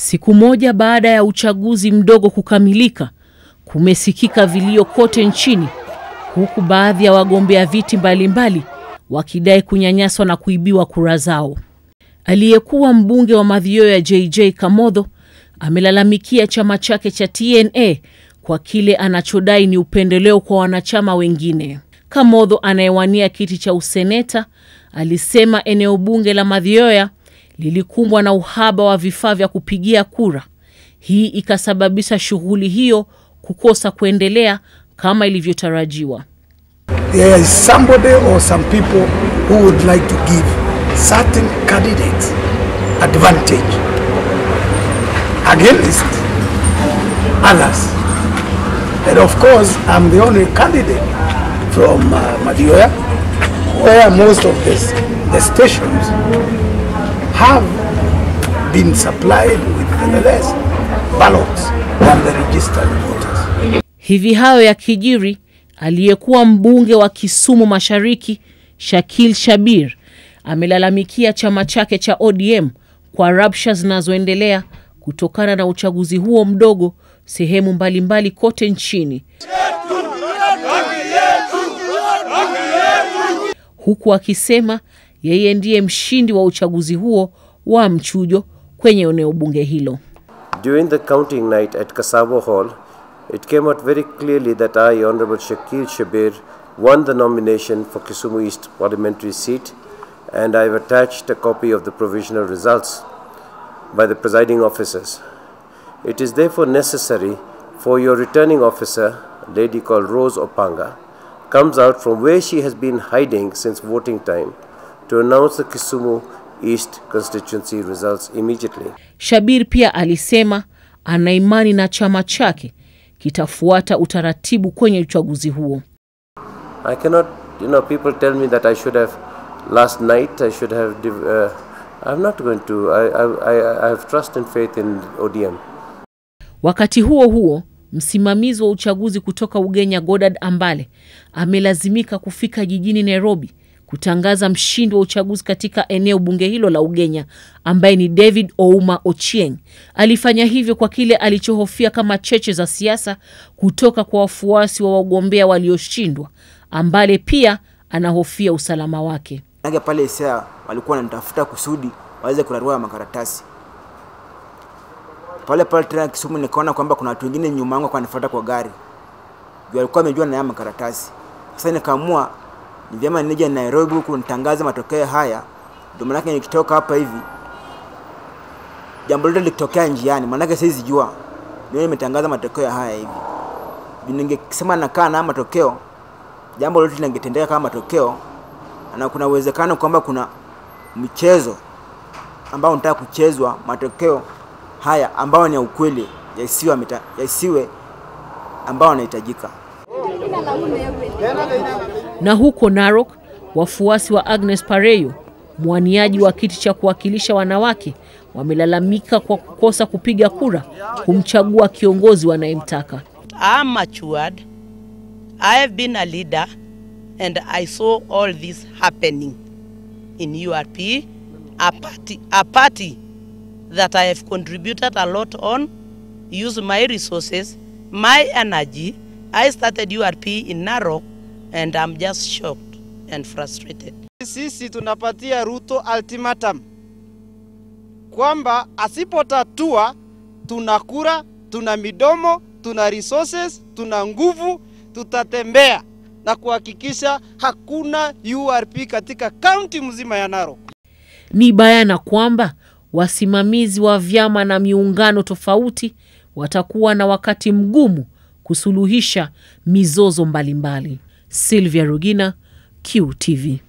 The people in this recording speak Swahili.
Siku moja baada ya uchaguzi mdogo kukamilika, kumesikika vilio kote nchini, huku baadhi ya wagombea viti mbalimbali wakidai kunyanyaswa na kuibiwa kura zao. Aliyekuwa mbunge wa Mathioya JJ Kamodho amelalamikia chama chake cha TNA kwa kile anachodai ni upendeleo kwa wanachama wengine. Kamodho anayewania kiti cha useneta alisema eneo bunge la Mathioya lilikumbwa na uhaba wa vifaa vya kupigia kura. Hii ikasababisha shughuli hiyo kukosa kuendelea kama ilivyotarajiwa. There is somebody or some people who would like to give certain advantage against others. And of course, I'm the only candidate from uh, Madioya where most of this, the stations have been supplied with the less ballots than the registered voters. Hivi hayo ya kijiri, aliyekuwa mbunge wa Kisumu Mashariki Shakil Shabir amelalamikia chama chake cha ODM kwa rabsha zinazoendelea kutokana na uchaguzi huo mdogo sehemu mbalimbali mbali kote nchini huku akisema yeye ndiye mshindi wa uchaguzi huo wa mchujo kwenye eneo bunge hilo. During the counting night at kasavo Hall, it came out very clearly that I, Honorable Shakil Shabir, won the nomination for Kisumu East parliamentary seat and have attached a copy of the provisional results by the presiding officers. It is therefore necessary for your returning officer, a lady called Rose Opanga, comes out from where she has been hiding since voting time to announce the Kisumu East constituency results immediately. Shabir pia alisema ana imani na chama chake kitafuata utaratibu kwenye uchaguzi huo. I cannot, you know, people tell me that I should have last night I should have uh, I'm not going to I, I, I have trust and faith in ODM. Wakati huo huo, msimamizi wa uchaguzi kutoka Ugenya Godad Ambale amelazimika kufika jijini Nairobi kutangaza mshindi wa uchaguzi katika eneo bunge hilo la Ugenya ambaye ni David Ouma Ochieng. Alifanya hivyo kwa kile alichohofia kama cheche za siasa kutoka kwa wafuasi wa wagombea walioshindwa, ambaye pia anahofia usalama wake. Nage pale Isaya walikuwa wananitafuta kusudi waweze kurarua ya makaratasi pale pale tena Kisumu, nikaona kwamba kuna watu wengine nyuma yangu kwa nifuata kwa gari, walikuwa wamejua na ya makaratasi. Sasa nikaamua ni vyema nije Nairobi huku nitangaze matokeo haya. Ndio yake nikitoka hapa hivi jambo lote likitokea njiani, yake sisi jua ndio nimetangaza matokeo haya hivi. Ningesema nakaa na matokeo, jambo lote lingetendeka kama matokeo, na kuna uwezekano kwamba kuna mchezo ambao nataka kuchezwa matokeo haya ambayo ni ya ukweli yasiwe yasiwe ambayo yanahitajika. Na huko Narok, wafuasi wa Agnes Pareyo, mwaniaji wa kiti cha kuwakilisha wanawake, wamelalamika kwa kukosa kupiga kura kumchagua kiongozi wanayemtaka. I'm matured. I have been a leader and I saw all this happening in URP, a party, a party that I have contributed a lot on, use my resources, my energy. I started URP in Narok and I'm just shocked and frustrated. Sisi tunapatia Ruto ultimatum kwamba asipotatua tuna kura, tuna midomo, tuna resources, tuna nguvu, tutatembea na kuhakikisha hakuna URP katika kaunti mzima ya Narok. Ni bayana kwamba wasimamizi wa vyama na miungano tofauti watakuwa na wakati mgumu kusuluhisha mizozo mbalimbali mbali. Sylvia Rugina, QTV.